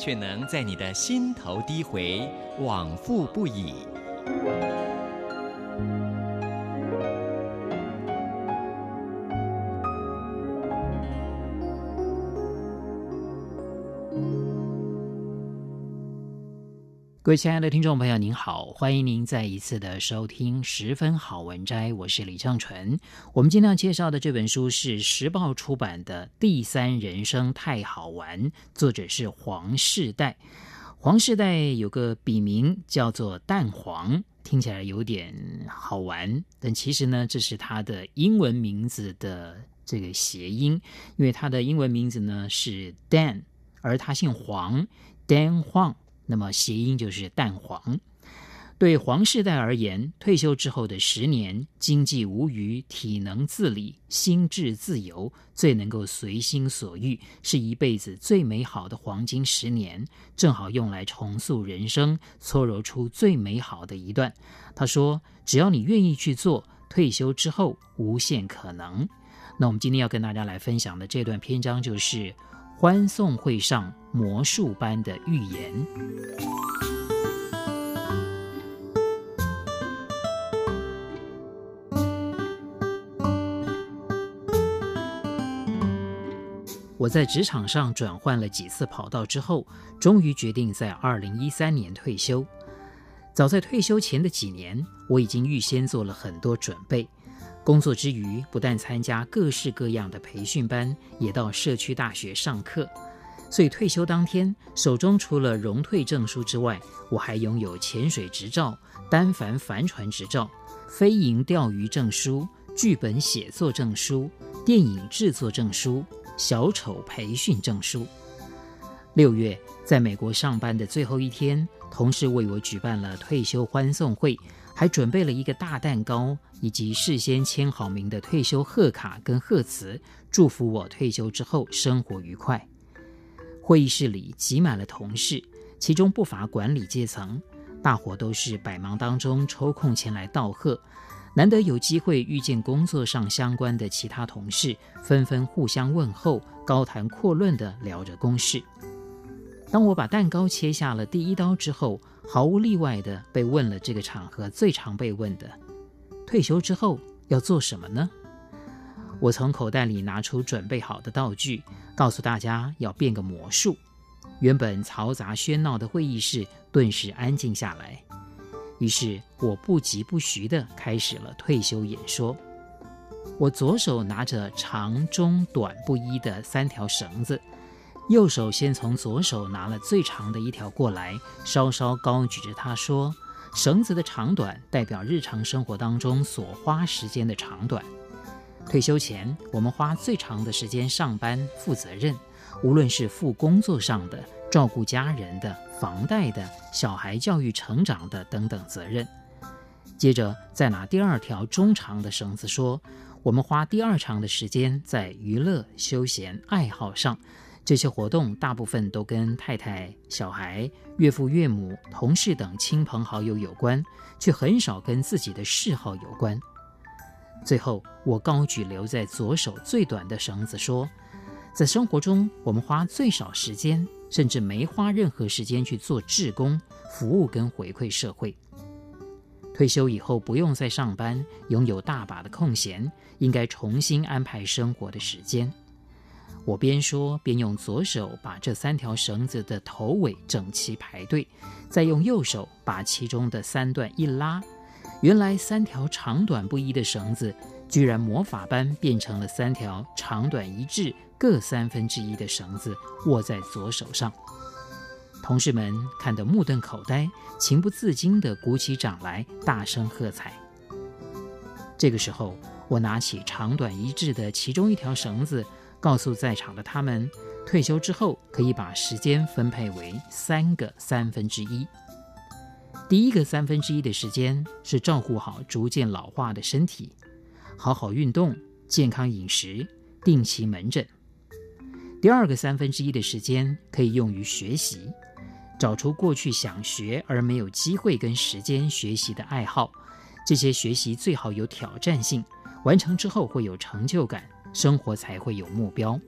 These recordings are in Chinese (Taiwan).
卻能在你的心頭低回，往復不已。各位親愛的聽眾朋友，您好，歡迎您再一次的收聽《十分好文摘》，我是李尚純。我們今天要介紹的這本書是時報出版的《第三人生太好玩》，作者是黃世岱。黃世岱有個筆名叫做蛋黃，聽起來有點好玩，但其實呢，這是他的英文名字的這個諧音，因為他的英文名字呢是 Dan，而他姓黃，Dan Huang。那麼諧音就是“蛋黃”。對黃世岱而言，退休之後的十年，經濟無虞，體能自理，心智自由，最能夠隨心所欲，是一輩子最美好的黃金十年，正好用來重塑人生，搓揉出最美好的一段。他說：“只要你願意去做，退休之後無限可能。”那我們今天要跟大家來分享的這段篇章就是。歡送會上魔術般的預言。我在職場上轉換了幾次跑道之後，終於決定在二零一三年退休。早在退休前的幾年，我已經預先做了很多準備。工作之餘，不但參加各式各樣的培訓班，也到社區大學上課。所以退休當天，手中除了榮退證書之外，我還擁有潛水執照、單帆帆船執照、飛蠅釣魚證書、劇本寫作證書、電影製作證書、小丑培訓證書。六月，在美國上班的最後一天，同事為我舉辦了退休歡送會。還準備了一個大蛋糕，以及事先簽好名的退休賀卡跟賀詞，祝福我退休之後生活愉快。會議室裡擠滿了同事，其中不乏管理階層，大夥都是百忙當中抽空前來道賀，難得有機會遇見工作上相關的其他同事，紛紛互相問候，高談闊論地聊着公事。當我把蛋糕切下了第一刀之後，毫無例外地被問了這個場合最常被問的：“退休之後要做什麼呢？”我從口袋裡拿出準備好的道具，告訴大家要變個魔術。原本嘈雜喧鬧的會議室頓時安靜下來。於是，我不疾不徐地開始了退休演說。我左手拿着長、中、短不一的三條繩子。右手先從左手拿了最長的一條過來，稍稍高舉着，他說：“繩子的長短代表日常生活當中所花時間的長短。退休前，我們花最長的時間上班負責任，無論是負工作上的、照顧家人的、房貸的、小孩教育成長的等等責任。接着再拿第二條中長的繩子說，說我們花第二長的時間在娛樂、休閒、愛好上。”這些活動大部分都跟太太、小孩、岳父岳母、同事等親朋好友有關，卻很少跟自己的嗜好有關。最後，我高舉留在左手最短的繩子，說：“在生活中，我們花最少時間，甚至沒花任何時間去做志工、服務跟回饋社會。退休以後不用再上班，擁有大把的空閒，應該重新安排生活的時間。”我邊說邊用左手把這三條繩子的頭尾整齊排隊，再用右手把其中的三段一拉，原來三條長短不一的繩子居然魔法般變成了三條長短一致、各三分之一的繩子，握在左手上。同事們看得目瞪口呆，情不自禁地鼓起掌來，大聲喝彩。這個時候，我拿起長短一致的其中一條繩子。告訴在場的他們，退休之後可以把時間分配為三個三分之一。第一個三分之一的時間是照顧好逐漸老化的身體，好好運動，健康飲食，定期門診。第二個三分之一的時間可以用於學習，找出過去想學而沒有機會跟時間學習的愛好，這些學習最好有挑戰性，完成之後會有成就感。生活才會有目標。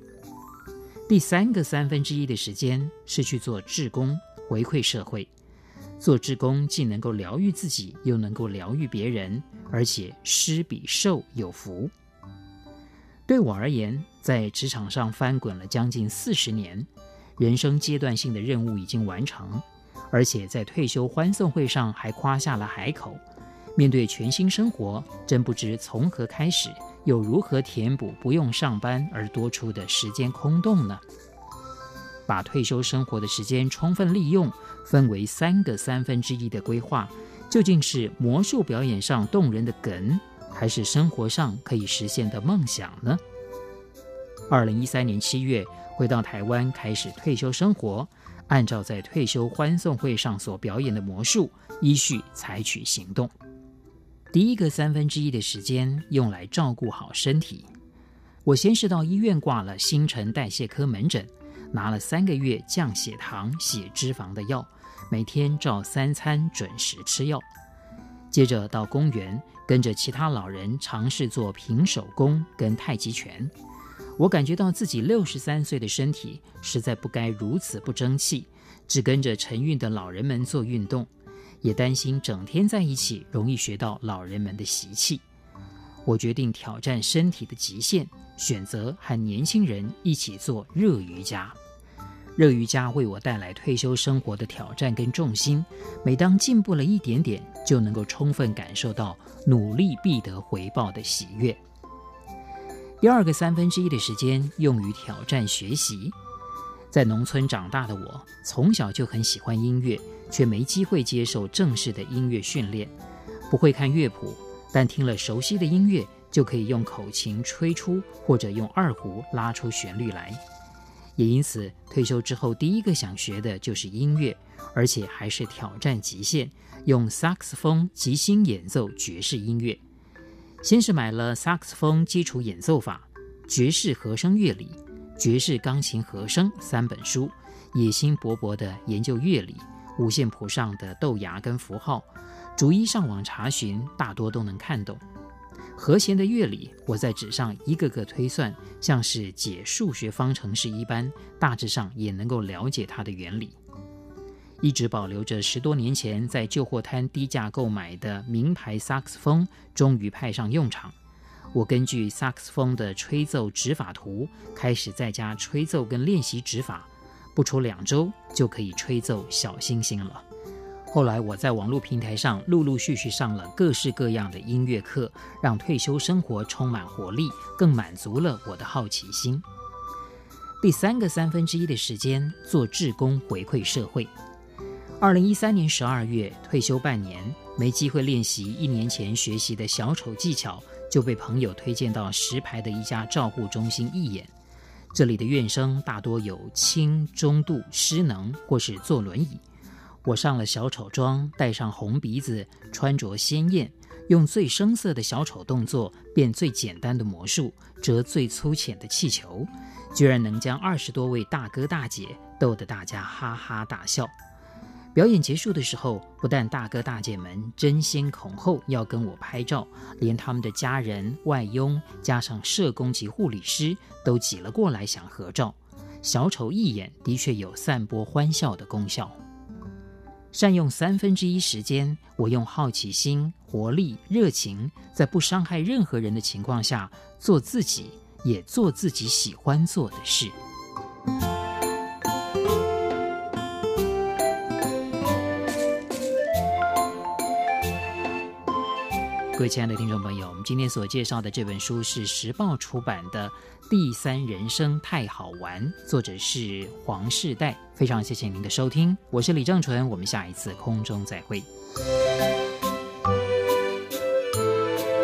第三個三分之一的時間是去做志工，回饋社會。做志工既能夠療癒自己，又能夠療癒別人，而且施比受有福。對我而言，在職場上翻滾了將近四十年，人生階段性的任務已經完成，而且在退休歡送會上還誇下了海口。面對全新生活，真不知從何開始。又如何填補不用上班而多出的時間空洞呢？把退休生活的時間充分利用，分為三個三分之一的規劃，究竟是魔術表演上動人的梗，還是生活上可以實現的夢想呢？二零一三年七月，回到台灣開始退休生活，按照在退休歡送會上所表演的魔術，依序採取行動。第一個三分之一的時間用來照顧好身體。我先是到醫院掛了新陳代謝科門診，拿了三個月降血糖、血脂肪的藥，每天照三餐準時吃藥。接着到公園，跟着其他老人嘗試做平甩功跟太極拳。我感覺到自己六十三歲的身體實在不該如此不爭氣，只跟着晨運的老人們做運動，也擔心整天在一起容易學到老人們的習氣，我決定挑戰身體的極限，選擇和年輕人一起做熱瑜伽。熱瑜伽為我帶來退休生活的挑戰跟重心，每當進步了一點點，就能夠充分感受到努力必得回報的喜悅。第二個三分之一的時間用於挑戰學習。在農村長大的我，從小就很喜歡音樂，卻沒機會接受正式的音樂訓練，不會看樂譜，但聽了熟悉的音樂就可以用口琴吹出或者用二胡拉出旋律來。也因此，退休之後第一個想學的就是音樂，而且還是挑戰極限，用薩克斯風即興演奏爵士音樂。先是買了《薩克斯風基礎演奏法》《爵士和聲樂理》。爵士鋼琴和聲三本書，野心勃勃地研究樂理，五線譜上的豆芽跟符號，逐一上網查詢，大多都能看懂。和弦的樂理，我在紙上一個個推算，像是解數學方程式一般，大致上也能夠了解它的原理。一直保留着十多年前在舊貨攤低價購買的名牌薩克斯風，終於派上用場。我根據薩克斯風的吹奏指法圖，開始在家吹奏跟練習指法，不出兩周就可以吹奏小星星了。後來我在網絡平台上陸陸續續上了各式各樣的音樂課，讓退休生活充滿活力，更滿足了我的好奇心。第三個三分之一的時間做志工回饋社會。二零一三年十二月退休半年，沒機會練習一年前學習的小丑技巧。就被朋友推薦到石牌的一家照顧中心義演，這裡的院生大多有輕中度失能或是坐輪椅。我上了小丑妝，戴上紅鼻子，穿着鮮豔，用最生澀的小丑動作，變最簡單的魔術，折最粗淺的氣球，居然能將二十多位大哥大姐逗得大家哈哈大笑。表演結束的時候，不但大哥大姐們爭先恐後要跟我拍照，連他們的家人、外傭，加上社工及護理師都擠了過來想合照。小丑一演，的確有散播歡笑的功效。善用三分之一時間，我用好奇心、活力、熱情，在不傷害任何人的情況下，做自己，也做自己喜歡做的事。各位親愛的聽眾朋友，我們今天所介紹的這本書是時報出版的《第三人生太好玩》，作者是黃世岱，非常謝謝您的收聽，我是李正淳，我們下一次空中再會。